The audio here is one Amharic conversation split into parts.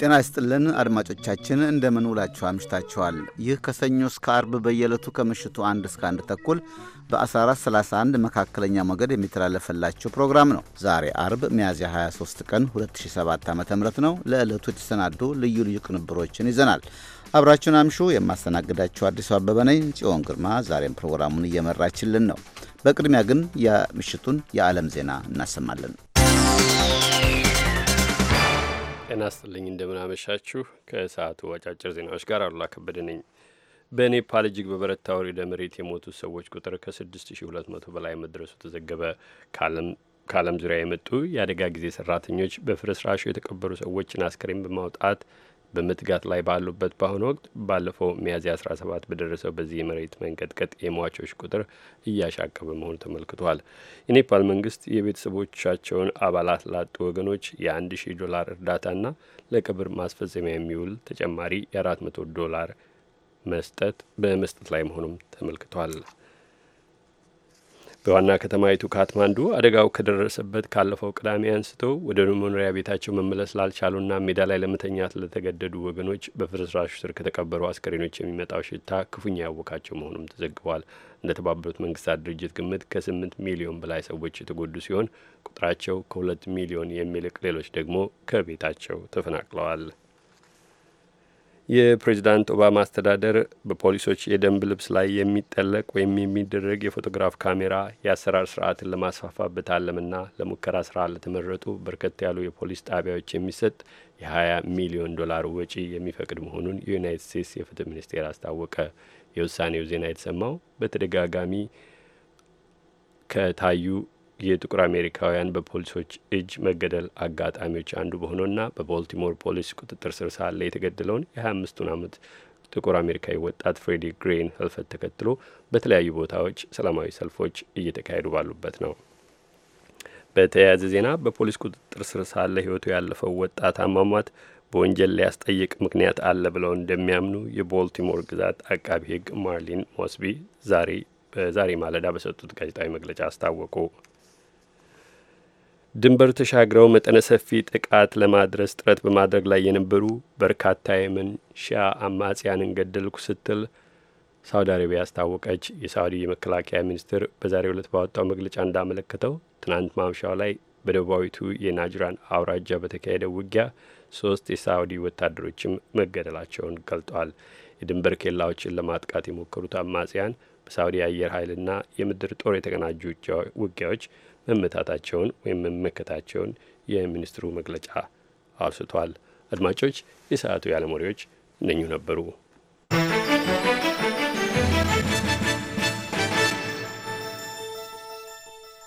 ጤና ይስጥልን አድማጮቻችን፣ እንደምን ውላችሁ አምሽታችኋል። ይህ ከሰኞ እስከ አርብ በየዕለቱ ከምሽቱ አንድ እስከ አንድ ተኩል በ1431 መካከለኛ ሞገድ የሚተላለፈላችሁ ፕሮግራም ነው። ዛሬ አርብ ሚያዝያ 23 ቀን 2007 ዓ ም ነው። ለዕለቱ የተሰናዱ ልዩ ልዩ ቅንብሮችን ይዘናል። አብራችሁን አምሹ። የማስተናግዳችሁ አዲሱ አበበ ነኝ። ጽዮን ግርማ ዛሬም ፕሮግራሙን እየመራችልን ነው። በቅድሚያ ግን የምሽቱን የዓለም ዜና እናሰማለን። ጤና ስጥልኝ እንደምናመሻችሁ። ከሰዓቱ አጫጭር ዜናዎች ጋር አሉላ ከበደ ነኝ። በኔፓል እጅግ በበረታ ወደ መሬት የሞቱ ሰዎች ቁጥር ከ6200 በላይ መድረሱ ተዘገበ። ከዓለም ዙሪያ የመጡ የአደጋ ጊዜ ሰራተኞች በፍርስራሹ የተቀበሩ ሰዎችን አስከሬን በማውጣት በመትጋት ላይ ባሉበት በአሁኑ ወቅት ባለፈው ሚያዝያ 17 በደረሰው በዚህ የመሬት መንቀጥቀጥ የሟቾች ቁጥር እያሻቀበ መሆኑ ተመልክቷል። የኔፓል መንግስት የቤተሰቦቻቸውን አባላት ላጡ ወገኖች የአንድ 1000 ዶላር እርዳታና ለቀብር ማስፈጸሚያ የሚውል ተጨማሪ የ400 ዶላር መስጠት በመስጠት ላይ መሆኑም ተመልክቷል። በዋና ከተማይቱ ካትማንዱ አደጋው ከደረሰበት ካለፈው ቅዳሜ አንስቶ ወደ መኖሪያ ቤታቸው መመለስ ላልቻሉና ሜዳ ላይ ለመተኛት ለተገደዱ ወገኖች በፍርስራሹ ስር ከተቀበሩ አስከሬኖች የሚመጣው ሽታ ክፉኛ ያወቃቸው መሆኑም ተዘግቧል። እንደተባበሩት መንግስታት ድርጅት ግምት ከስምንት ሚሊዮን በላይ ሰዎች የተጎዱ ሲሆን ቁጥራቸው ከሁለት ሚሊዮን የሚልቅ ሌሎች ደግሞ ከቤታቸው ተፈናቅለዋል። የፕሬዚዳንት ኦባማ አስተዳደር በፖሊሶች የደንብ ልብስ ላይ የሚጠለቅ ወይም የሚደረግ የፎቶግራፍ ካሜራ የአሰራር ስርዓትን ለማስፋፋት በታለምና ለሙከራ ስራ ለተመረጡ በርከት ያሉ የፖሊስ ጣቢያዎች የሚሰጥ የ20 ሚሊዮን ዶላር ወጪ የሚፈቅድ መሆኑን የዩናይትድ ስቴትስ የፍትህ ሚኒስቴር አስታወቀ። የውሳኔው ዜና የተሰማው በተደጋጋሚ ከታዩ የጥቁር አሜሪካውያን በፖሊሶች እጅ መገደል አጋጣሚዎች አንዱ በሆነውና በቦልቲሞር ፖሊስ ቁጥጥር ስር ሳለ የተገደለውን የ25ቱን ዓመት ጥቁር አሜሪካዊ ወጣት ፍሬዲ ግሬን ህልፈት ተከትሎ በተለያዩ ቦታዎች ሰላማዊ ሰልፎች እየተካሄዱ ባሉበት ነው። በተያያዘ ዜና በፖሊስ ቁጥጥር ስር ሳለ ህይወቱ ያለፈው ወጣት አሟሟት በወንጀል ሊያስጠይቅ ምክንያት አለ ብለው እንደሚያምኑ የቦልቲሞር ግዛት አቃቢ ህግ ማርሊን ሞስቢ ዛሬ በዛሬ ማለዳ በሰጡት ጋዜጣዊ መግለጫ አስታወቁ። ድንበር ተሻግረው መጠነ ሰፊ ጥቃት ለማድረስ ጥረት በማድረግ ላይ የነበሩ በርካታ የመን ሺያ አማጽያንን ገደልኩ ስትል ሳውዲ አረቢያ አስታወቀች። የሳውዲ የመከላከያ ሚኒስትር በዛሬው ዕለት ባወጣው መግለጫ እንዳመለከተው ትናንት ማምሻው ላይ በደቡባዊቱ የናጅራን አውራጃ በተካሄደው ውጊያ ሶስት የሳውዲ ወታደሮችም መገደላቸውን ገልጧል። የድንበር ኬላዎችን ለማጥቃት የሞከሩት አማጽያን በሳውዲ አየር ኃይልና የምድር ጦር የተቀናጁ ውጊያዎች መመታታቸውን ወይም መመከታቸውን የሚኒስትሩ መግለጫ አውስቷል። አድማጮች፣ የሰዓቱ የዓለም ወሬዎች እነኙ ነበሩ።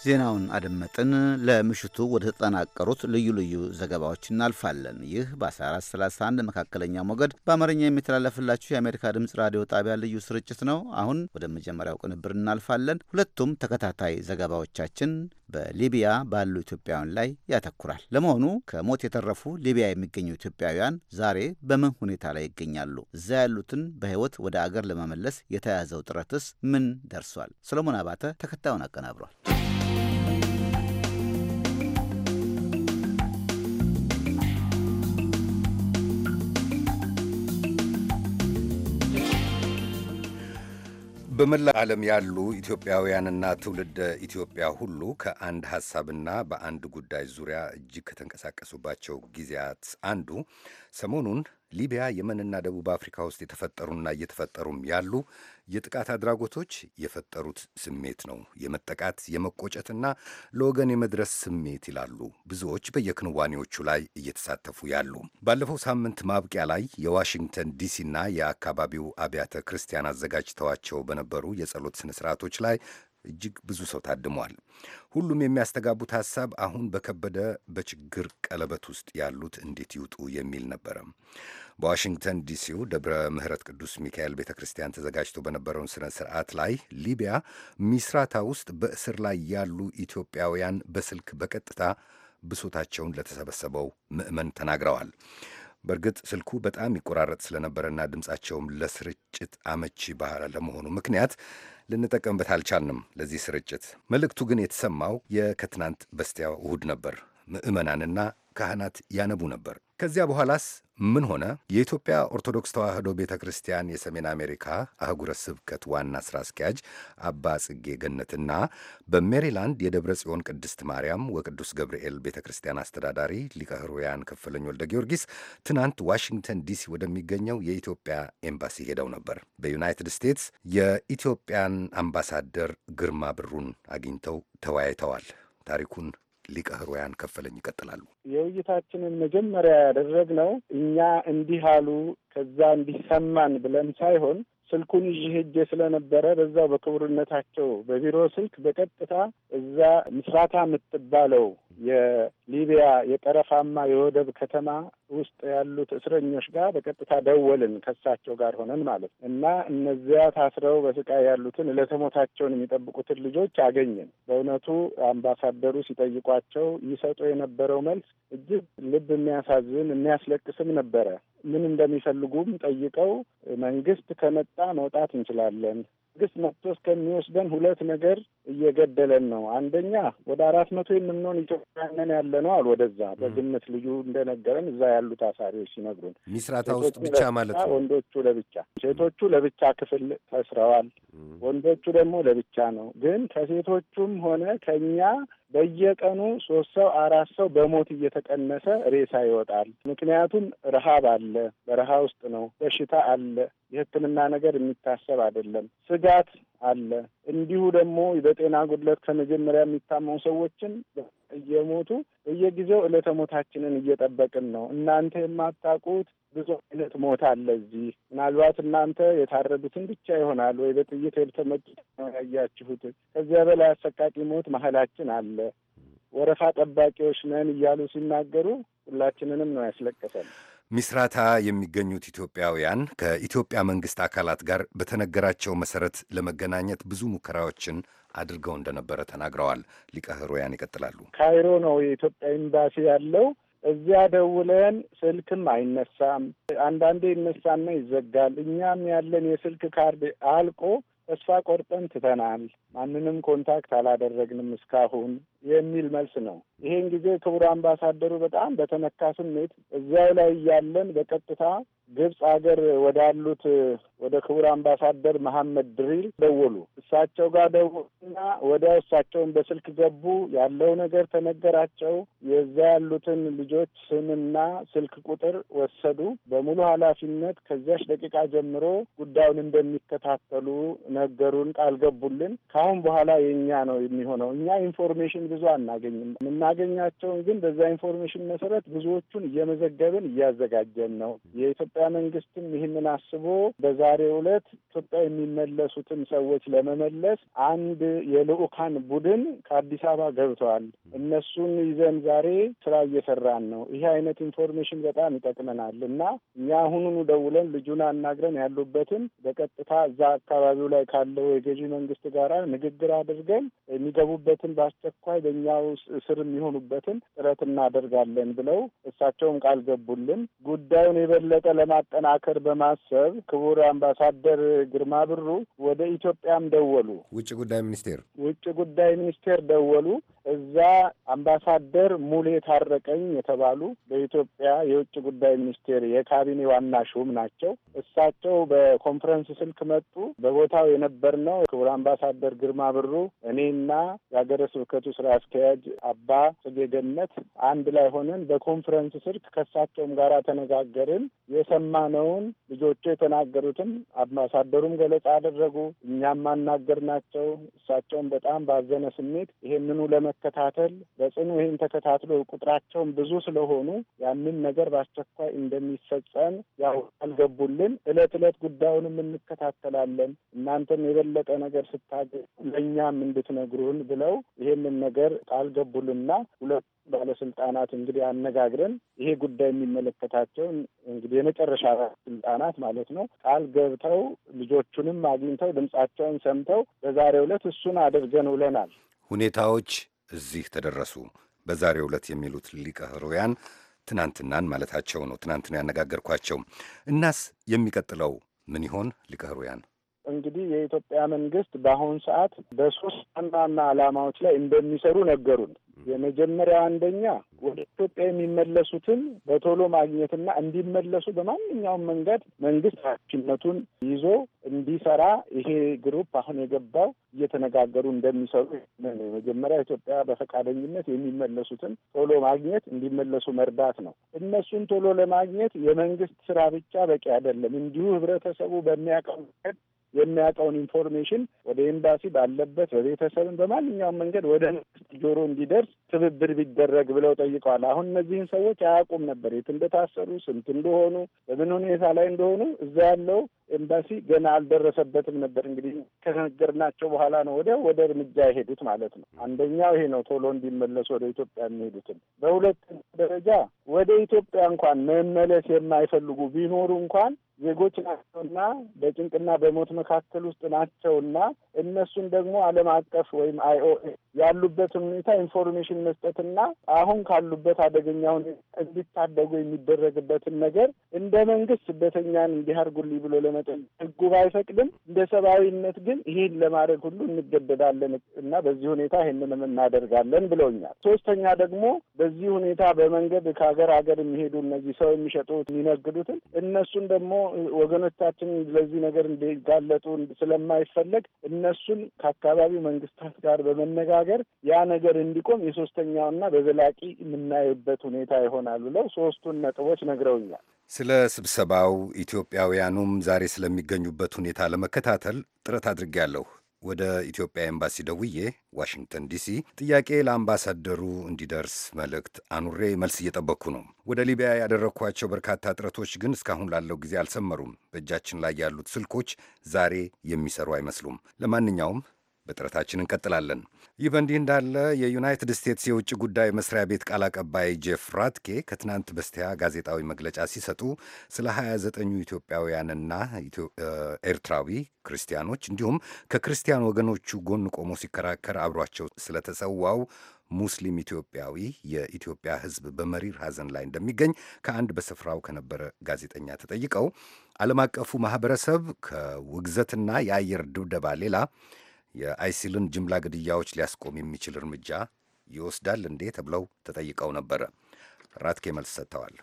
ዜናውን አደመጥን። ለምሽቱ ወደ ተጠናቀሩት ልዩ ልዩ ዘገባዎች እናልፋለን። ይህ በ1431 መካከለኛ ሞገድ በአማርኛ የሚተላለፍላችሁ የአሜሪካ ድምፅ ራዲዮ ጣቢያ ልዩ ስርጭት ነው። አሁን ወደ መጀመሪያው ቅንብር እናልፋለን። ሁለቱም ተከታታይ ዘገባዎቻችን በሊቢያ ባሉ ኢትዮጵያውያን ላይ ያተኩራል። ለመሆኑ ከሞት የተረፉ ሊቢያ የሚገኙ ኢትዮጵያውያን ዛሬ በምን ሁኔታ ላይ ይገኛሉ? እዛ ያሉትን በሕይወት ወደ አገር ለመመለስ የተያዘው ጥረትስ ምን ደርሷል? ሰሎሞን አባተ ተከታዩን አቀናብሯል። በመላ ዓለም ያሉ ኢትዮጵያውያንና ትውልደ ኢትዮጵያ ሁሉ ከአንድ ሐሳብና በአንድ ጉዳይ ዙሪያ እጅግ ከተንቀሳቀሱባቸው ጊዜያት አንዱ ሰሞኑን ሊቢያ፣ የመንና ደቡብ አፍሪካ ውስጥ የተፈጠሩና እየተፈጠሩም ያሉ የጥቃት አድራጎቶች የፈጠሩት ስሜት ነው። የመጠቃት የመቆጨትና ለወገን የመድረስ ስሜት ይላሉ ብዙዎች በየክንዋኔዎቹ ላይ እየተሳተፉ ያሉ። ባለፈው ሳምንት ማብቂያ ላይ የዋሽንግተን ዲሲና የአካባቢው አብያተ ክርስቲያን አዘጋጅተዋቸው በነበሩ የጸሎት ስነ ስርዓቶች ላይ እጅግ ብዙ ሰው ታድሟል። ሁሉም የሚያስተጋቡት ሐሳብ አሁን በከበደ በችግር ቀለበት ውስጥ ያሉት እንዴት ይውጡ የሚል ነበረ። በዋሽንግተን ዲሲው ደብረ ምሕረት ቅዱስ ሚካኤል ቤተ ክርስቲያን ተዘጋጅቶ በነበረውን ሥነ ሥርዓት ላይ ሊቢያ ሚስራታ ውስጥ በእስር ላይ ያሉ ኢትዮጵያውያን በስልክ በቀጥታ ብሶታቸውን ለተሰበሰበው ምዕመን ተናግረዋል። በእርግጥ ስልኩ በጣም ይቆራረጥ ስለነበረና ድምፃቸውም ለስርጭት አመቺ ለመሆኑ ምክንያት ልንጠቀምበት አልቻልንም ለዚህ ስርጭት። መልእክቱ ግን የተሰማው የከትናንት በስቲያ እሁድ ነበር። ምዕመናንና ካህናት ያነቡ ነበር። ከዚያ በኋላስ ምን ሆነ? የኢትዮጵያ ኦርቶዶክስ ተዋሕዶ ቤተ ክርስቲያን የሰሜን አሜሪካ አህጉረ ስብከት ዋና ሥራ አስኪያጅ አባ ጽጌ ገነትና በሜሪላንድ የደብረ ጽዮን ቅድስት ማርያም ወቅዱስ ገብርኤል ቤተ ክርስቲያን አስተዳዳሪ ሊቀ ሕሩያን ወልደ ጊዮርጊስ ትናንት ዋሽንግተን ዲሲ ወደሚገኘው የኢትዮጵያ ኤምባሲ ሄደው ነበር። በዩናይትድ ስቴትስ የኢትዮጵያን አምባሳደር ግርማ ብሩን አግኝተው ተወያይተዋል። ታሪኩን ሊቀ ሕሩያን ከፈለኝ ይቀጥላሉ። የውይይታችንን መጀመሪያ ያደረግነው እኛ እንዲህ አሉ ከዛ እንዲሰማን ብለን ሳይሆን ስልኩን ይዤ ሄጄ ስለነበረ በዛው በክቡርነታቸው በቢሮ ስልክ በቀጥታ እዛ ምስራታ የምትባለው ሊቢያ የጠረፋማ የወደብ ከተማ ውስጥ ያሉት እስረኞች ጋር በቀጥታ ደወልን ከሳቸው ጋር ሆነን ማለት ነው። እና እነዚያ ታስረው በስቃይ ያሉትን ለተሞታቸውን የሚጠብቁትን ልጆች አገኘን። በእውነቱ አምባሳደሩ ሲጠይቋቸው ይሰጡ የነበረው መልስ እጅግ ልብ የሚያሳዝን የሚያስለቅስም ነበረ። ምን እንደሚፈልጉም ጠይቀው መንግስት ከመጣ መውጣት እንችላለን መንግስት መጥቶ እስከሚወስደን ሁለት ነገር እየገደለን ነው። አንደኛ ወደ አራት መቶ የምንሆን ኢትዮጵያውያን ያለ ነው አሉ። ወደዛ በግምት ልዩ እንደነገረን እዛ ያሉ አሳሪዎች ሲነግሩን ሚስራታ ውስጥ ብቻ ማለት ነው። ወንዶቹ ለብቻ፣ ሴቶቹ ለብቻ ክፍል ተስረዋል። ወንዶቹ ደግሞ ለብቻ ነው። ግን ከሴቶቹም ሆነ ከኛ በየቀኑ ሶስት ሰው አራት ሰው በሞት እየተቀነሰ ሬሳ ይወጣል። ምክንያቱም ረሃብ አለ፣ በረሃ ውስጥ ነው። በሽታ አለ፣ የሕክምና ነገር የሚታሰብ አይደለም። ስጋት አለ። እንዲሁ ደግሞ በጤና ጉድለት ከመጀመሪያ የሚታመሙ ሰዎችን እየሞቱ በየጊዜው ዕለተ ሞታችንን እየጠበቅን ነው። እናንተ የማታውቁት ብዙ አይነት ሞት አለ እዚህ። ምናልባት እናንተ የታረዱትን ብቻ ይሆናል ወይ በጥይት የተመቱት ያያችሁት። ከዚያ በላይ አሰቃቂ ሞት መሀላችን አለ። ወረፋ ጠባቂዎች ነን እያሉ ሲናገሩ ሁላችንንም ነው ያስለቀሰል። ሚስራታ የሚገኙት ኢትዮጵያውያን ከኢትዮጵያ መንግስት አካላት ጋር በተነገራቸው መሰረት ለመገናኘት ብዙ ሙከራዎችን አድርገው እንደነበረ ተናግረዋል። ሊቀ ሕሩያን ይቀጥላሉ። ካይሮ ነው የኢትዮጵያ ኤምባሲ ያለው። እዚያ ደውለን ስልክም አይነሳም። አንዳንዴ ይነሳና ይዘጋል። እኛም ያለን የስልክ ካርድ አልቆ ተስፋ ቆርጠን ትተናል። ማንንም ኮንታክት አላደረግንም እስካሁን የሚል መልስ ነው። ይሄን ጊዜ ክቡር አምባሳደሩ በጣም በተነካ ስሜት እዚያው ላይ እያለን በቀጥታ ግብፅ ሀገር ወዳሉት ወደ ክቡር አምባሳደር መሐመድ ድሪል ደወሉ። እሳቸው ጋር ደወሉና ወዲያው እሳቸውን በስልክ ገቡ። ያለው ነገር ተነገራቸው። የዛ ያሉትን ልጆች ስምና ስልክ ቁጥር ወሰዱ። በሙሉ ኃላፊነት ከዚያች ደቂቃ ጀምሮ ጉዳዩን እንደሚከታተሉ ነገሩን፣ ቃል ገቡልን። ከአሁን በኋላ የእኛ ነው የሚሆነው። እኛ ኢንፎርሜሽን ብዙ አናገኝም። የምናገኛቸውን ግን በዛ ኢንፎርሜሽን መሰረት ብዙዎቹን እየመዘገብን እያዘጋጀን ነው። የኢትዮጵያ መንግስትም ይህንን አስቦ በዛ በዛሬው ዕለት ኢትዮጵያ የሚመለሱትን ሰዎች ለመመለስ አንድ የልዑካን ቡድን ከአዲስ አበባ ገብተዋል። እነሱን ይዘን ዛሬ ስራ እየሰራን ነው። ይሄ አይነት ኢንፎርሜሽን በጣም ይጠቅመናል እና እኛ አሁኑኑ ደውለን ልጁን አናግረን ያሉበትን በቀጥታ እዛ አካባቢው ላይ ካለው የገዢ መንግስት ጋር ንግግር አድርገን የሚገቡበትን በአስቸኳይ በእኛው ስር የሚሆኑበትን ጥረት እናደርጋለን ብለው እሳቸውም ቃል ገቡልን። ጉዳዩን የበለጠ ለማጠናከር በማሰብ ክቡር አምባሳደር ግርማ ብሩ ወደ ኢትዮጵያም ደወሉ። ውጭ ጉዳይ ሚኒስቴር ውጭ ጉዳይ ሚኒስቴር ደወሉ። እዛ አምባሳደር ሙሌ ታረቀኝ የተባሉ በኢትዮጵያ የውጭ ጉዳይ ሚኒስቴር የካቢኔ ዋና ሹም ናቸው። እሳቸው በኮንፈረንስ ስልክ መጡ። በቦታው የነበርነው ክቡር አምባሳደር ግርማ ብሩ፣ እኔና የሀገረ ስብከቱ ስራ አስኪያጅ አባ ጽጌገነት አንድ ላይ ሆነን በኮንፈረንስ ስልክ ከእሳቸውም ጋር ተነጋገርን። የሰማነውን ልጆቹ የተናገሩትን ሰላም አምባሳደሩም ገለጻ አደረጉ፣ እኛም አናገር ናቸው። እሳቸውም በጣም ባዘነ ስሜት ይሄንኑ ለመከታተል በጽኑ ይህን ተከታትሎ ቁጥራቸውን ብዙ ስለሆኑ ያንን ነገር በአስቸኳይ እንደሚፈጸም ያው አልገቡልን። እለት እለት ጉዳዩንም እንከታተላለን፣ እናንተም የበለጠ ነገር ስታ ለእኛም እንድትነግሩን ብለው ይሄንን ነገር ቃል ገቡልና ሁለት ባለስልጣናት እንግዲህ አነጋግረን ይሄ ጉዳይ የሚመለከታቸውን እንግዲህ የመጨረሻ ስልጣናት ማለት ነው ቃል ገብተው ልጆቹንም አግኝተው ድምጻቸውን ሰምተው በዛሬው ዕለት እሱን አድርገን ውለናል። ሁኔታዎች እዚህ ተደረሱ በዛሬው ዕለት የሚሉት ሊቀ ሕሩያን ትናንትናን ማለታቸው ነው። ትናንትን ያነጋገርኳቸው። እናስ የሚቀጥለው ምን ይሆን ሊቀ ሕሩያን? እንግዲህ የኢትዮጵያ መንግስት በአሁኑ ሰዓት በሶስት ዋና ዋና ዓላማዎች ላይ እንደሚሰሩ ነገሩን። የመጀመሪያ አንደኛ ወደ ኢትዮጵያ የሚመለሱትን በቶሎ ማግኘትና እንዲመለሱ በማንኛውም መንገድ መንግስት ኃላፊነቱን ይዞ እንዲሰራ ይሄ ግሩፕ አሁን የገባው እየተነጋገሩ እንደሚሰሩ የመጀመሪያ ኢትዮጵያ በፈቃደኝነት የሚመለሱትን ቶሎ ማግኘት እንዲመለሱ መርዳት ነው። እነሱን ቶሎ ለማግኘት የመንግስት ስራ ብቻ በቂ አይደለም። እንዲሁ ህብረተሰቡ በሚያውቀው መንገድ የሚያውቀውን ኢንፎርሜሽን ወደ ኤምባሲ ባለበት በቤተሰብን በማንኛውም መንገድ ወደ ጆሮ እንዲደርስ ትብብር ቢደረግ ብለው ጠይቀዋል። አሁን እነዚህን ሰዎች አያውቁም ነበር የት እንደታሰሩ፣ ስንት እንደሆኑ፣ በምን ሁኔታ ላይ እንደሆኑ እዛ ያለው ኤምባሲ ገና አልደረሰበትም ነበር። እንግዲህ ከነገርናቸው በኋላ ነው ወደ ወደ እርምጃ የሄዱት ማለት ነው። አንደኛው ይሄ ነው፣ ቶሎ እንዲመለሱ ወደ ኢትዮጵያ የሚሄዱትም። በሁለተኛ ደረጃ ወደ ኢትዮጵያ እንኳን መመለስ የማይፈልጉ ቢኖሩ እንኳን ዜጎች ናቸውና በጭንቅና በሞት መካከል ውስጥ ናቸውና እነሱን ደግሞ ዓለም አቀፍ ወይም አይኦኤ ያሉበትን ሁኔታ ኢንፎርሜሽን መስጠትና አሁን ካሉበት አደገኛ ሁኔታ እንዲታደጉ የሚደረግበትን ነገር እንደ መንግስት ስደተኛን እንዲያርጉልኝ ብሎ ለመጠን ህጉ ባይፈቅድም እንደ ሰብአዊነት ግን ይህን ለማድረግ ሁሉ እንገደዳለን እና በዚህ ሁኔታ ይህንንም እናደርጋለን ብለውኛል። ሶስተኛ ደግሞ በዚህ ሁኔታ በመንገድ ከሀገር ሀገር የሚሄዱ እነዚህ ሰው የሚሸጡት የሚነግዱትን እነሱን ደግሞ ወገኖቻችን ለዚህ ነገር እንዲጋለጡ ስለማይፈለግ እነሱን ከአካባቢው መንግስታት ጋር በመነጋገር ያ ነገር እንዲቆም የሶስተኛውና በዘላቂ የምናይበት ሁኔታ ይሆናል ብለው ሶስቱን ነጥቦች ነግረውኛል። ስለ ስብሰባው ኢትዮጵያውያኑም ዛሬ ስለሚገኙበት ሁኔታ ለመከታተል ጥረት አድርጌያለሁ። ወደ ኢትዮጵያ ኤምባሲ ደውዬ ዋሽንግተን ዲሲ ጥያቄ ለአምባሳደሩ እንዲደርስ መልእክት አኑሬ መልስ እየጠበቅኩ ነው። ወደ ሊቢያ ያደረግኳቸው በርካታ ጥረቶች ግን እስካሁን ላለው ጊዜ አልሰመሩም። በእጃችን ላይ ያሉት ስልኮች ዛሬ የሚሰሩ አይመስሉም። ለማንኛውም በጥረታችን እንቀጥላለን። ይህ በእንዲህ እንዳለ የዩናይትድ ስቴትስ የውጭ ጉዳይ መስሪያ ቤት ቃል አቀባይ ጄፍ ራትኬ ከትናንት በስቲያ ጋዜጣዊ መግለጫ ሲሰጡ ስለ 29ኙ ኢትዮጵያውያንና ኤርትራዊ ክርስቲያኖች እንዲሁም ከክርስቲያን ወገኖቹ ጎን ቆሞ ሲከራከር አብሯቸው ስለተሰዋው ሙስሊም ኢትዮጵያዊ የኢትዮጵያ ሕዝብ በመሪር ሐዘን ላይ እንደሚገኝ ከአንድ በስፍራው ከነበረ ጋዜጠኛ ተጠይቀው ዓለም አቀፉ ማህበረሰብ ከውግዘትና የአየር ድብደባ ሌላ የአይሲልን ጅምላ ግድያዎች ሊያስቆም የሚችል እርምጃ ይወስዳል እንዴ ተብለው ተጠይቀው ነበረ። ራትኬ መልስ ሰጥተዋል።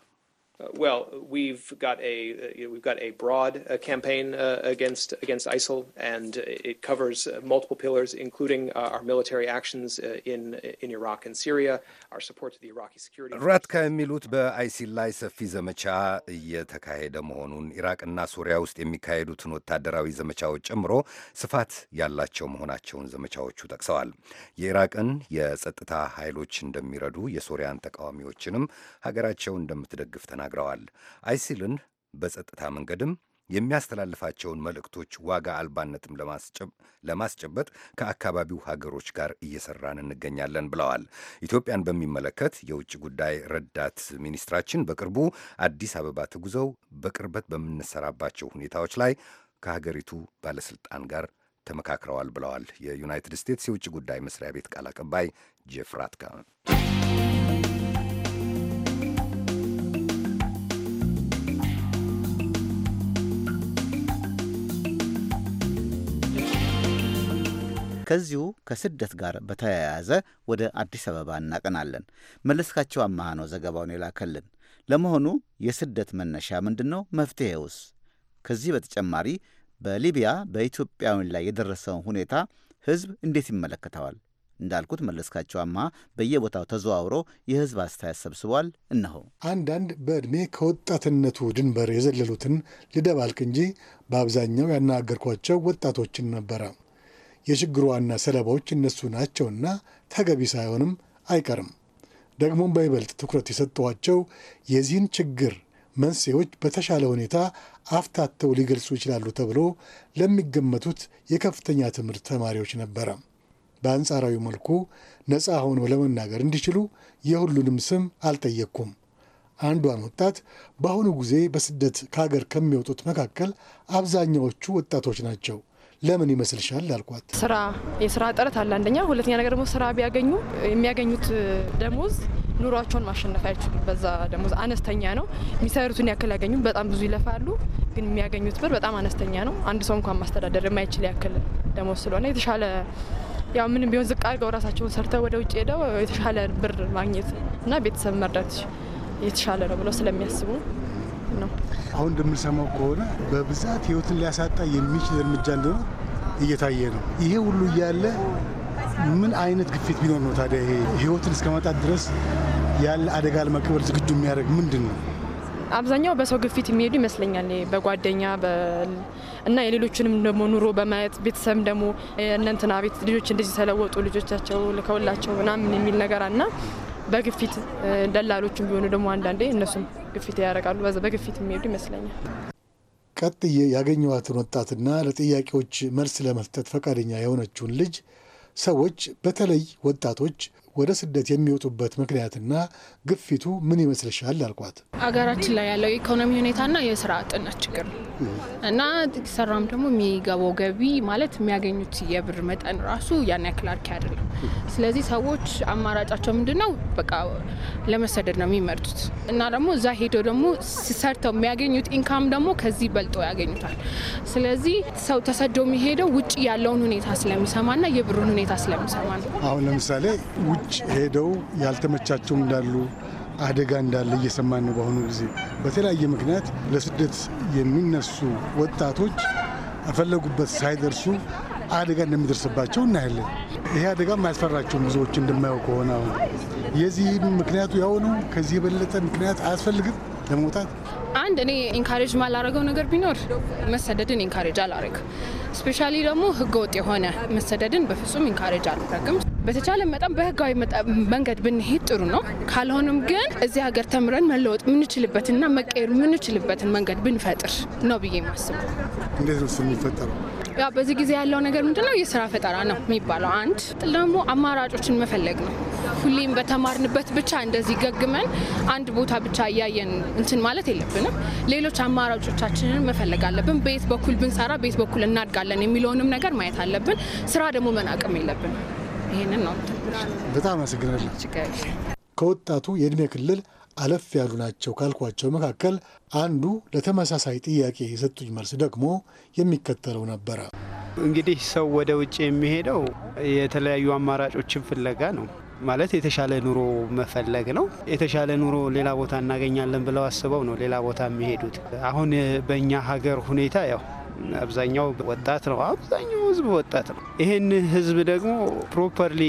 Uh, well, we've got a you uh, know, we've got a broad uh, campaign uh, against against ISIL, and it covers uh, multiple pillars, including uh, our military actions in in Iraq and Syria, our support to the Iraqi security. ራትካ የሚሉት በአይሲል ላይ ሰፊ ዘመቻ እየተካሄደ መሆኑን ኢራቅና ሱሪያ ውስጥ የሚካሄዱትን ወታደራዊ ዘመቻዎች ጨምሮ ስፋት ያላቸው መሆናቸውን ዘመቻዎቹ ጠቅሰዋል። የኢራቅን የጸጥታ ኃይሎች እንደሚረዱ፣ የሶሪያን ተቃዋሚዎችንም ሀገራቸው እንደምትደግፍ ተናግረዋል። ተናግረዋል። አይሲልን በጸጥታ መንገድም የሚያስተላልፋቸውን መልእክቶች ዋጋ አልባነትም ለማስጨበጥ ከአካባቢው ሀገሮች ጋር እየሰራን እንገኛለን ብለዋል። ኢትዮጵያን በሚመለከት የውጭ ጉዳይ ረዳት ሚኒስትራችን በቅርቡ አዲስ አበባ ተጉዘው በቅርበት በምንሰራባቸው ሁኔታዎች ላይ ከሀገሪቱ ባለስልጣን ጋር ተመካክረዋል ብለዋል። የዩናይትድ ስቴትስ የውጭ ጉዳይ መስሪያ ቤት ቃል አቀባይ ጄፍ ራትካ ከዚሁ ከስደት ጋር በተያያዘ ወደ አዲስ አበባ እናቀናለን። መለስካቸው አማሃ ነው ዘገባውን የላከልን። ለመሆኑ የስደት መነሻ ምንድን ነው? መፍትሄውስ? ከዚህ በተጨማሪ በሊቢያ በኢትዮጵያውያን ላይ የደረሰውን ሁኔታ ሕዝብ እንዴት ይመለከተዋል? እንዳልኩት መለስካቸው አማሃ በየቦታው ተዘዋውሮ የህዝብ አስተያየት ሰብስቧል። እነሆ አንዳንድ በዕድሜ ከወጣትነቱ ድንበር የዘለሉትን ልደባልቅ እንጂ በአብዛኛው ያናገርኳቸው ወጣቶችን ነበረ። የችግሩ ዋና ሰለባዎች እነሱ ናቸውና ተገቢ ሳይሆንም አይቀርም። ደግሞም በይበልጥ ትኩረት የሰጠኋቸው የዚህን ችግር መንስኤዎች በተሻለ ሁኔታ አፍታተው ሊገልጹ ይችላሉ ተብሎ ለሚገመቱት የከፍተኛ ትምህርት ተማሪዎች ነበረ። በአንጻራዊ መልኩ ነፃ ሆነው ለመናገር እንዲችሉ የሁሉንም ስም አልጠየቅኩም። አንዷን ወጣት በአሁኑ ጊዜ በስደት ከሀገር ከሚወጡት መካከል አብዛኛዎቹ ወጣቶች ናቸው። ለምን ይመስልሻል አልኳት። ስራ የስራ ጥረት አለ አንደኛ፣ ሁለተኛ ነገር ደግሞ ስራ ቢያገኙ የሚያገኙት ደሞዝ ኑሯቸውን ማሸነፍ አይችሉም። በዛ ደሞዝ አነስተኛ ነው። የሚሰሩትን ያክል ያገኙ በጣም ብዙ ይለፋሉ፣ ግን የሚያገኙት ብር በጣም አነስተኛ ነው። አንድ ሰው እንኳን ማስተዳደር የማይችል ያክል ደሞዝ ስለሆነ የተሻለ ያው ምንም ቢሆን ዝቅ አድርገው ራሳቸውን ሰርተው ወደ ውጭ ሄደው የተሻለ ብር ማግኘት እና ቤተሰብ መርዳት የተሻለ ነው ብለው ስለሚያስቡ ነው። አሁን እንደምንሰማው ከሆነ በብዛት ህይወትን ሊያሳጣ የሚችል እርምጃ እንደሆነ እየታየ ነው። ይሄ ሁሉ እያለ ምን አይነት ግፊት ቢኖር ነው ታዲያ ይሄ ህይወትን እስከማጣት ድረስ ያለ አደጋ ለመቀበል ዝግጁ የሚያደርግ ምንድን ነው? አብዛኛው በሰው ግፊት የሚሄዱ ይመስለኛል። በጓደኛ እና የሌሎችንም ደግሞ ኑሮ በማየት ቤተሰብ ደግሞ እነንትና ቤት ልጆች እንደዚህ ተለወጡ ልጆቻቸው ልከውላቸው ምናምን የሚል ነገር እና በግፊት ደላሎችም ቢሆኑ ደግሞ አንዳንዴ እነሱም ግፊት ያደርጋሉ። በዛ በግፊት የሚሄዱ ይመስለኛል። ቀጥዬ ያገኘዋትን ወጣትና ለጥያቄዎች መልስ ለመስጠት ፈቃደኛ የሆነችውን ልጅ ሰዎች በተለይ ወጣቶች ወደ ስደት የሚወጡበት ምክንያትና ግፊቱ ምን ይመስልሻል አልኳት። አገራችን ላይ ያለው የኢኮኖሚ ሁኔታና የስራ አጥነት ችግር ነው እና ሰራም ደግሞ የሚገባው ገቢ ማለት የሚያገኙት የብር መጠን ራሱ ያን ያክል አርኪ አይደለም። ስለዚህ ሰዎች አማራጫቸው ምንድን ነው? በቃ ለመሰደድ ነው የሚመርጡት እና ደግሞ እዛ ሄደው ደግሞ ሰርተው የሚያገኙት ኢንካም ደግሞ ከዚህ በልጦ ያገኙታል። ስለዚህ ሰው ተሰደው የሚሄደው ውጭ ያለውን ሁኔታ ስለሚሰማና የብሩን ሁኔታ ስለሚሰማ ነው። አሁን ለምሳሌ ሰዎች ሄደው ያልተመቻቸው እንዳሉ አደጋ እንዳለ እየሰማን ነው። በአሁኑ ጊዜ በተለያየ ምክንያት ለስደት የሚነሱ ወጣቶች ፈለጉበት ሳይደርሱ አደጋ እንደሚደርስባቸው እናያለን። ይሄ አደጋ ማያስፈራቸውም ብዙዎች እንደማየው ከሆነ አሁን ምክንያቱ ያው ነው። ከዚህ የበለጠ ምክንያት አያስፈልግም። ለመውጣት አንድ እኔ ኢንካሬጅ ማላረገው ነገር ቢኖር መሰደድን ኢንካሬጅ አላረግ። ስፔሻሊ ደግሞ ህገ ወጥ የሆነ መሰደድን በፍጹም ኢንካሬጅ አላረግም። በተቻለ መጠን በህጋዊ መንገድ ብንሄድ ጥሩ ነው። ካልሆንም ግን እዚህ ሀገር ተምረን መለወጥ የምንችልበትና መቀየር የምንችልበትን መንገድ ብንፈጥር ነው ብዬ ማስበው። እንዴት ነው የሚፈጠረው? ያው በዚህ ጊዜ ያለው ነገር ምንድነው? የስራ ፈጠራ ነው የሚባለው። አንድ ደግሞ አማራጮችን መፈለግ ነው። ሁሌም በተማርንበት ብቻ እንደዚህ ገግመን አንድ ቦታ ብቻ እያየን እንትን ማለት የለብንም። ሌሎች አማራጮቻችንን መፈለግ አለብን። በየት በኩል ብንሰራ በየት በኩል እናድጋለን የሚለውንም ነገር ማየት አለብን። ስራ ደግሞ መናቅም የለብን። ይህንን ነው። በጣም አመሰግናለሁ። ከወጣቱ የእድሜ ክልል አለፍ ያሉ ናቸው ካልኳቸው መካከል አንዱ ለተመሳሳይ ጥያቄ የሰጡኝ መልስ ደግሞ የሚከተለው ነበረ። እንግዲህ ሰው ወደ ውጭ የሚሄደው የተለያዩ አማራጮችን ፍለጋ ነው። ማለት የተሻለ ኑሮ መፈለግ ነው። የተሻለ ኑሮ ሌላ ቦታ እናገኛለን ብለው አስበው ነው ሌላ ቦታ የሚሄዱት። አሁን በእኛ ሀገር ሁኔታ ያው አብዛኛው ወጣት ነው። አብዛኛው ህዝብ ወጣት ነው። ይህን ህዝብ ደግሞ ፕሮፐርሊ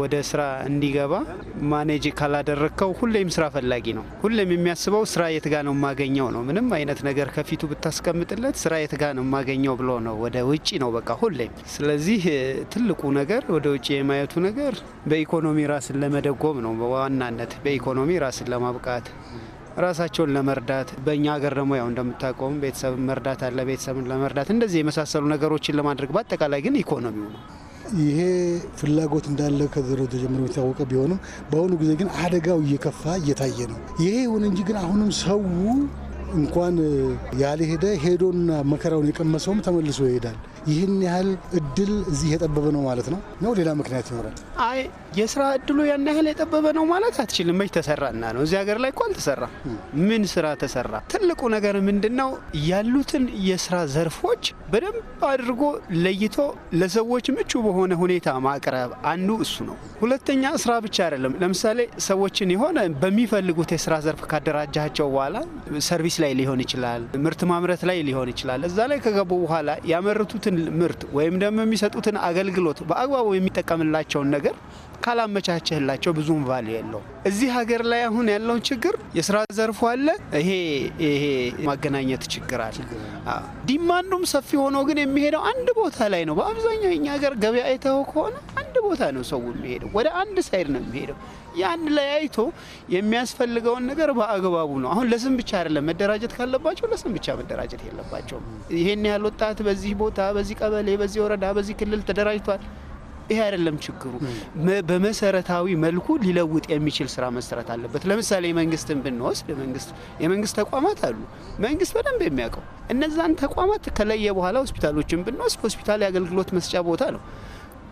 ወደ ስራ እንዲገባ ማኔጅ ካላደረግከው ሁሌም ስራ ፈላጊ ነው። ሁሌም የሚያስበው ስራ የትጋ ነው የማገኘው ነው። ምንም አይነት ነገር ከፊቱ ብታስቀምጥለት ስራ የት ነው የማገኘው ብሎ ነው። ወደ ውጭ ነው በቃ ሁሌም። ስለዚህ ትልቁ ነገር ወደ ውጭ የማየቱ ነገር በኢኮኖሚ ራስን ለመደጎም ነው። በዋናነት በኢኮኖሚ ራስን ለማብቃት ራሳቸውን ለመርዳት በእኛ ሀገር ደግሞ ያው እንደምታውቀውም ቤተሰብ መርዳት አለ። ቤተሰብን ለመርዳት እንደዚህ የመሳሰሉ ነገሮችን ለማድረግ በአጠቃላይ ግን ኢኮኖሚው ነው። ይሄ ፍላጎት እንዳለ ከዘሮ ተጀምሮ የሚታወቀ ቢሆንም በአሁኑ ጊዜ ግን አደጋው እየከፋ እየታየ ነው። ይሄ ይሁን እንጂ ግን አሁንም ሰው እንኳን ያልሄደ ሄዶና መከራውን የቀመሰውም ተመልሶ ይሄዳል። ይህን ያህል እድል እዚህ የጠበበ ነው ማለት ነው ነው ሌላ ምክንያት ይኖራል? አይ የስራ እድሉ ያን ያህል የጠበበ ነው ማለት አትችልም። መች ተሰራና ነው እዚህ ሀገር ላይ እኮ አልተሰራ። ምን ስራ ተሰራ? ትልቁ ነገር ምንድን ነው? ያሉትን የስራ ዘርፎች በደንብ አድርጎ ለይቶ ለሰዎች ምቹ በሆነ ሁኔታ ማቅረብ አንዱ እሱ ነው። ሁለተኛ ስራ ብቻ አይደለም። ለምሳሌ ሰዎችን የሆነ በሚፈልጉት የስራ ዘርፍ ካደራጃቸው በኋላ ሰርቪስ ላይ ሊሆን ይችላል፣ ምርት ማምረት ላይ ሊሆን ይችላል። እዛ ላይ ከገቡ በኋላ ያመረቱትን ምርት ወይም ደግሞ የሚሰጡትን አገልግሎት በአግባቡ የሚጠቀምላቸውን ነገር ካላመቻቸህላቸው ብዙም ቫሊ የለው። እዚህ ሀገር ላይ አሁን ያለውን ችግር የስራ ዘርፉ አለ፣ ይሄ ይሄ ማገናኘት ችግር አለ። ዲማንዱም ሰፊ ሆኖ ግን የሚሄደው አንድ ቦታ ላይ ነው። በአብዛኛው የኛ ሀገር ገበያ የተው ከሆነ አንድ ቦታ ነው ሰው የሚሄደው፣ ወደ አንድ ሳይድ ነው የሚሄደው። ያን ለያይቶ የሚያስፈልገውን ነገር በአግባቡ ነው። አሁን ለስም ብቻ አይደለም መደራጀት ካለባቸው ለስም ብቻ መደራጀት የለባቸውም። ይሄን ያህል ወጣት በዚህ ቦታ፣ በዚህ ቀበሌ፣ በዚህ ወረዳ፣ በዚህ ክልል ተደራጅቷል። ይሄ አይደለም ችግሩ። በመሰረታዊ መልኩ ሊለውጥ የሚችል ስራ መስራት አለበት። ለምሳሌ መንግስትን ብንወስድ መንግስት የመንግስት ተቋማት አሉ። መንግስት በደንብ የሚያውቀው እነዛን ተቋማት ከለየ በኋላ ሆስፒታሎችን ብንወስድ ሆስፒታል የአገልግሎት መስጫ ቦታ ነው።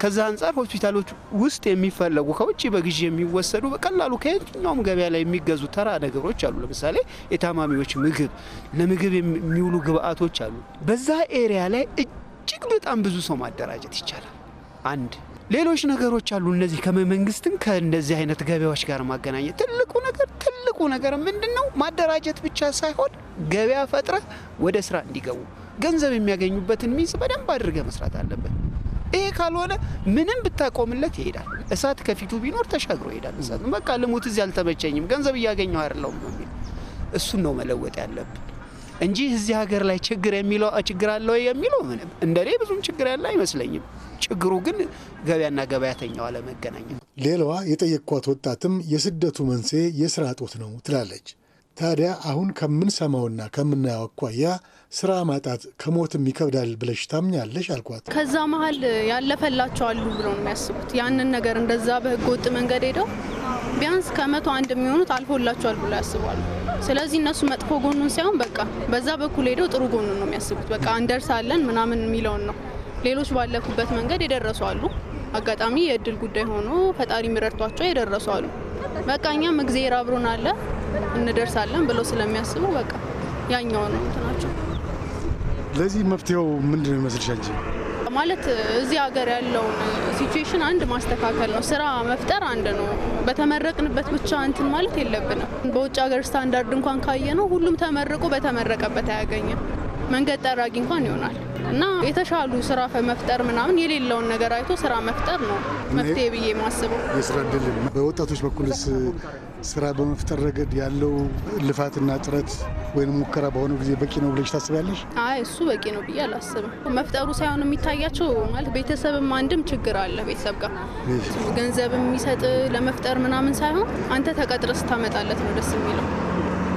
ከዛ አንጻር ሆስፒታሎች ውስጥ የሚፈለጉ ከውጭ በግዢ የሚወሰዱ በቀላሉ ከየትኛውም ገበያ ላይ የሚገዙ ተራ ነገሮች አሉ። ለምሳሌ የታማሚዎች ምግብ፣ ለምግብ የሚውሉ ግብአቶች አሉ። በዛ ኤሪያ ላይ እጅግ በጣም ብዙ ሰው ማደራጀት ይቻላል። አንድ ሌሎች ነገሮች አሉ። እነዚህ ከመንግስትም ከእንደዚህ አይነት ገበያዎች ጋር ማገናኘት ትልቁ ነገር ትልቁ ነገር ምንድን ነው? ማደራጀት ብቻ ሳይሆን ገበያ ፈጥረ ወደ ስራ እንዲገቡ ገንዘብ የሚያገኙበትን ሚንስ በደንብ አድርገ መስራት አለበት። ይሄ ካልሆነ ምንም ብታቆምለት ይሄዳል። እሳት ከፊቱ ቢኖር ተሻግሮ ይሄዳል። እሳት በቃ ልሙት፣ እዚህ አልተመቸኝም፣ ገንዘብ እያገኘሁ አይደለሁም ነው እሱን ነው መለወጥ ያለብን እንጂ እዚህ ሀገር ላይ ችግር የሚለው ችግር አለው የሚለው ምንም እንደኔ ብዙም ችግር ያለ አይመስለኝም። ችግሩ ግን ገበያና ገበያተኛው አለመገናኘት። ሌላዋ የጠየቅኳት ወጣትም የስደቱ መንስኤ የስራ እጦት ነው ትላለች። ታዲያ አሁን ከምንሰማውና ከምናየው አኳያ ስራ ማጣት ከሞትም ይከብዳል ብለሽ ታምኛለሽ? አልኳት። ከዛ መሀል ያለፈላቸዋሉ ብለው ነው የሚያስቡት ያንን ነገር እንደዛ በህገ ወጥ መንገድ ሄደው ቢያንስ ከመቶ አንድ የሚሆኑት አልፎላቸዋል ብሎ ያስባሉ። ስለዚህ እነሱ መጥፎ ጎኑን ሳይሆን በቃ በዛ በኩል ሄደው ጥሩ ጎኑን ነው የሚያስቡት። በቃ እንደርሳለን ምናምን የሚለውን ነው። ሌሎች ባለፉበት መንገድ የደረሱ አሉ። አጋጣሚ የእድል ጉዳይ ሆኖ ፈጣሪ የሚረድቷቸው የደረሱ አሉ። በቃ እኛም እግዜር አብሮን አለ እንደርሳለን ብለው ስለሚያስቡ በቃ ያኛው ነው እንትናቸው። ለዚህ መፍትሄው ምንድን ነው ይመስልሻል? ማለት እዚህ ሀገር ያለውን ሲትዌሽን አንድ ማስተካከል ነው። ስራ መፍጠር አንድ ነው። በተመረቅንበት ብቻ እንትን ማለት የለብንም። በውጭ ሀገር ስታንዳርድ እንኳን ካየ ነው ሁሉም ተመርቆ በተመረቀበት አያገኝም። መንገድ ጠራጊ እንኳን ይሆናል እና የተሻሉ ስራ መፍጠር ምናምን የሌለውን ነገር አይቶ ስራ መፍጠር ነው መፍትሄ ብዬ ማስበው። የስራ እድል በወጣቶች በኩልስ ስራ በመፍጠር ረገድ ያለው ልፋትና ጥረት ወይም ሙከራ በሆነ ጊዜ በቂ ነው ብለሽ ታስቢያለሽ? አይ እሱ በቂ ነው ብዬ አላስብም። መፍጠሩ ሳይሆን የሚታያቸው ማለት ቤተሰብም አንድም ችግር አለ ቤተሰብ ጋር ገንዘብ የሚሰጥ ለመፍጠር ምናምን ሳይሆን አንተ ተቀጥረ ስታመጣለት ነው ደስ የሚለው።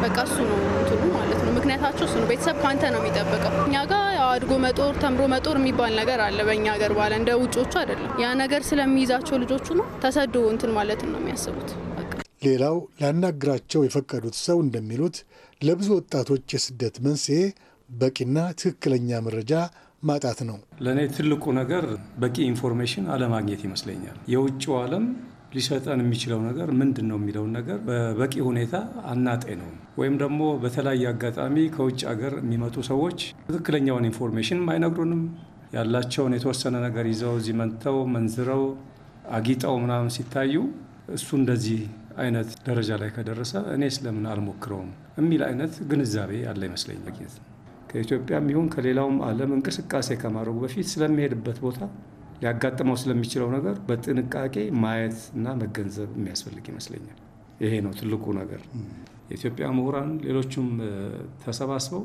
በቃ እሱ ነው እንትኑ ማለት ነው። ምክንያታቸው እሱ ነው። ቤተሰብ ከአንተ ነው የሚጠበቀው። እኛ ጋር አድጎ መጦር ተምሮ መጦር የሚባል ነገር አለ በእኛ ሀገር ባለ እንደ ውጮቹ አይደለም። ያ ነገር ስለሚይዛቸው ልጆቹ ነው ተሰዶ እንትን ማለት ነው የሚያስቡት ሌላው ላናግራቸው የፈቀዱት ሰው እንደሚሉት ለብዙ ወጣቶች የስደት መንስኤ በቂና ትክክለኛ መረጃ ማጣት ነው። ለእኔ ትልቁ ነገር በቂ ኢንፎርሜሽን አለማግኘት ይመስለኛል። የውጭው ዓለም ሊሰጠን የሚችለው ነገር ምንድን ነው የሚለውን ነገር በበቂ ሁኔታ አናጤ ነው ወይም ደግሞ በተለያየ አጋጣሚ ከውጭ ሀገር የሚመጡ ሰዎች ትክክለኛውን ኢንፎርሜሽን አይነግሩንም። ያላቸውን የተወሰነ ነገር ይዘው እዚህ መንተው መንዝረው አጊጠው ምናምን ሲታዩ እሱ እንደዚህ አይነት ደረጃ ላይ ከደረሰ እኔ ስለምን አልሞክረውም የሚል አይነት ግንዛቤ ያለ ይመስለኝ ከኢትዮጵያም ይሁን ከሌላውም ዓለም እንቅስቃሴ ከማድረጉ በፊት ስለሚሄድበት ቦታ ሊያጋጥመው ስለሚችለው ነገር በጥንቃቄ ማየት እና መገንዘብ የሚያስፈልግ ይመስለኛል። ይሄ ነው ትልቁ ነገር። የኢትዮጵያ ምሁራን ሌሎቹም ተሰባስበው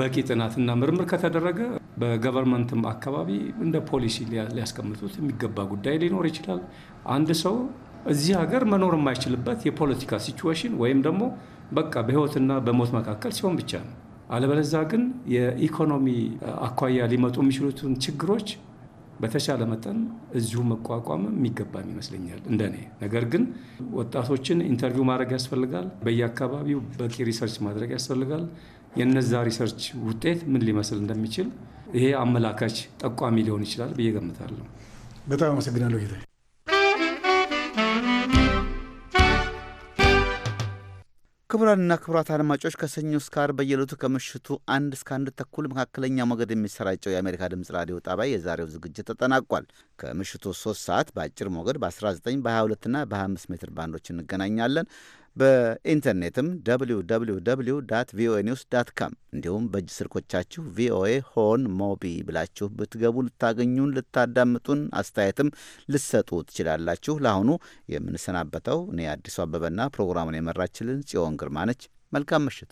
በቂ ጥናትና ምርምር ከተደረገ በገቨርንመንትም አካባቢ እንደ ፖሊሲ ሊያስቀምጡት የሚገባ ጉዳይ ሊኖር ይችላል። አንድ ሰው እዚህ ሀገር መኖር የማይችልበት የፖለቲካ ሲቹዌሽን ወይም ደግሞ በቃ በህይወትና በሞት መካከል ሲሆን ብቻ ነው። አለበለዛ ግን የኢኮኖሚ አኳያ ሊመጡ የሚችሉትን ችግሮች በተቻለ መጠን እዚሁ መቋቋም የሚገባም ይመስለኛል እንደኔ። ነገር ግን ወጣቶችን ኢንተርቪው ማድረግ ያስፈልጋል። በየአካባቢው በቂ ሪሰርች ማድረግ ያስፈልጋል። የነዛ ሪሰርች ውጤት ምን ሊመስል እንደሚችል ይሄ አመላካች ጠቋሚ ሊሆን ይችላል ብዬ ገምታለሁ። በጣም አመሰግናለሁ ጌታ ክቡራንና ክቡራት አድማጮች ከሰኞ እስከ ዓርብ በየዕለቱ ከምሽቱ አንድ እስከ አንድ ተኩል መካከለኛ ሞገድ የሚሰራጨው የአሜሪካ ድምፅ ራዲዮ ጣቢያ የዛሬው ዝግጅት ተጠናቋል። ከምሽቱ ሶስት ሰዓት በአጭር ሞገድ በ19 በ22ና በ25 ሜትር ባንዶች እንገናኛለን። በኢንተርኔትም www ቪኦኤ ኒውስ ዳት ካም እንዲሁም በእጅ ስልኮቻችሁ ቪኦኤ ሆን ሞቢ ብላችሁ ብትገቡ ልታገኙን፣ ልታዳምጡን፣ አስተያየትም ልትሰጡ ትችላላችሁ። ለአሁኑ የምንሰናበተው እኔ አዲሱ አበበና ፕሮግራሙን የመራችልን ጽዮን ግርማ ነች። መልካም ምሽት።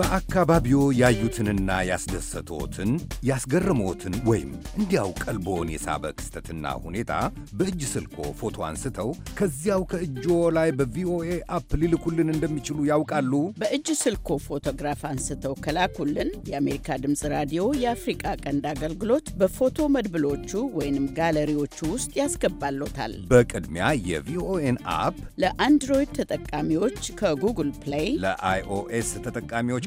በአካባቢዎ ያዩትንና ያስደሰቶትን ያስገረሞትን ወይም እንዲያው ቀልቦን የሳበ ክስተትና ሁኔታ በእጅ ስልኮ ፎቶ አንስተው ከዚያው ከእጆ ላይ በቪኦኤ አፕ ሊልኩልን እንደሚችሉ ያውቃሉ? በእጅ ስልኮ ፎቶግራፍ አንስተው ከላኩልን የአሜሪካ ድምፅ ራዲዮ የአፍሪቃ ቀንድ አገልግሎት በፎቶ መድብሎቹ ወይንም ጋለሪዎቹ ውስጥ ያስገባሎታል። በቅድሚያ የቪኦኤን አፕ ለአንድሮይድ ተጠቃሚዎች ከጉግል ፕሌይ፣ ለአይኦኤስ ተጠቃሚዎች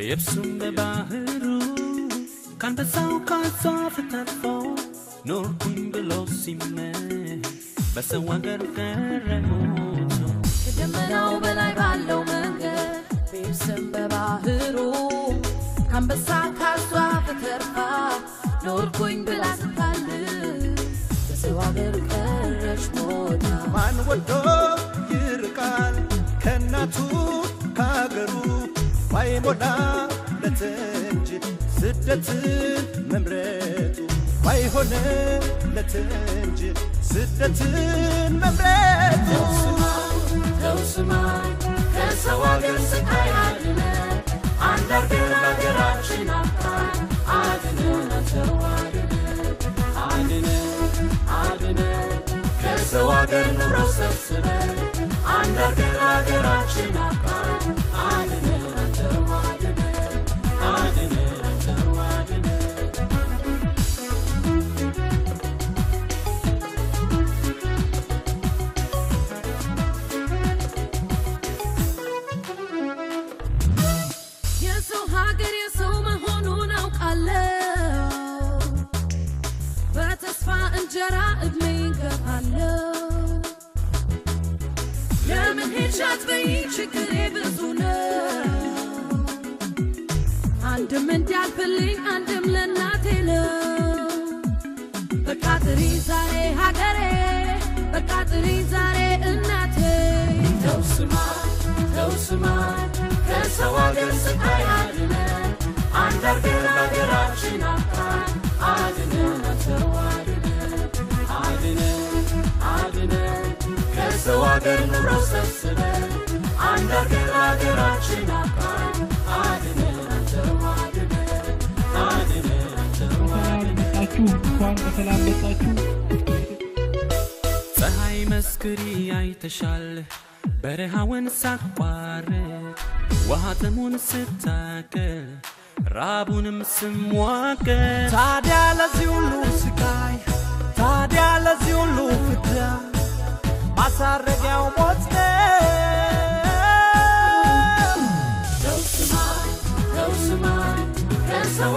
በየብሱም በባህሩ ካንበሳው ከአዕዋፍ ተርፎ ኖርኩኝ ብሎ ሲመኝ በሰው አገር ገረሞት ከደመናው በላይ ባለው መንገድ በየብስም በባህሩ ካንበሳ ከአዕዋፍ ተርፋ ኖርኩኝ ብላ ስታል በሰው አገር ቀረች ሞታ ማን ወዶ ባይሞላ ለት እንጂ ስደትን መምረጡ ባይሆነ ለት እንጂ ስደትን መምረጡ ከሰው አገር ስቃይ አድነ አንድ አገር አገራችን አታ አድነ አድነ ከሰው አገር ኑሮ ሰብስበ አንድ አገር አገራችን አታ ሂንጀራ እድሜን ገባለው ለምን ሄድሻት በይ ችግሬ ብዙ ነው አንድም እንዲያልፍልኝ አንድም ለእናቴ ነው በቃ ጥሪ ዛሬ ሀገሬ በቃ ጥሪ ዛሬ እናቴ ተውስማ ተውስማ ከሰው ሀገር ስቃይ አድነ አንድ አገር ሀገራችን አድነ ተዋ የሰው አገር ኑሮ ሰብስበን አንድ አገር አገራችን ፀሐይ መስክሪ አይተሻል በረሃውን ሳቋርጥ ውሃ ጥሙን ስታቅል ራቡንም ስሟቅል ታዲያ ለዚህ ሁሉ ስቃይ ታዲያ ለዚህ ሁሉ ፍዳ ማሳረጊያው ሞት ነው። ሰው ስማ ሰው ስማ ከሰው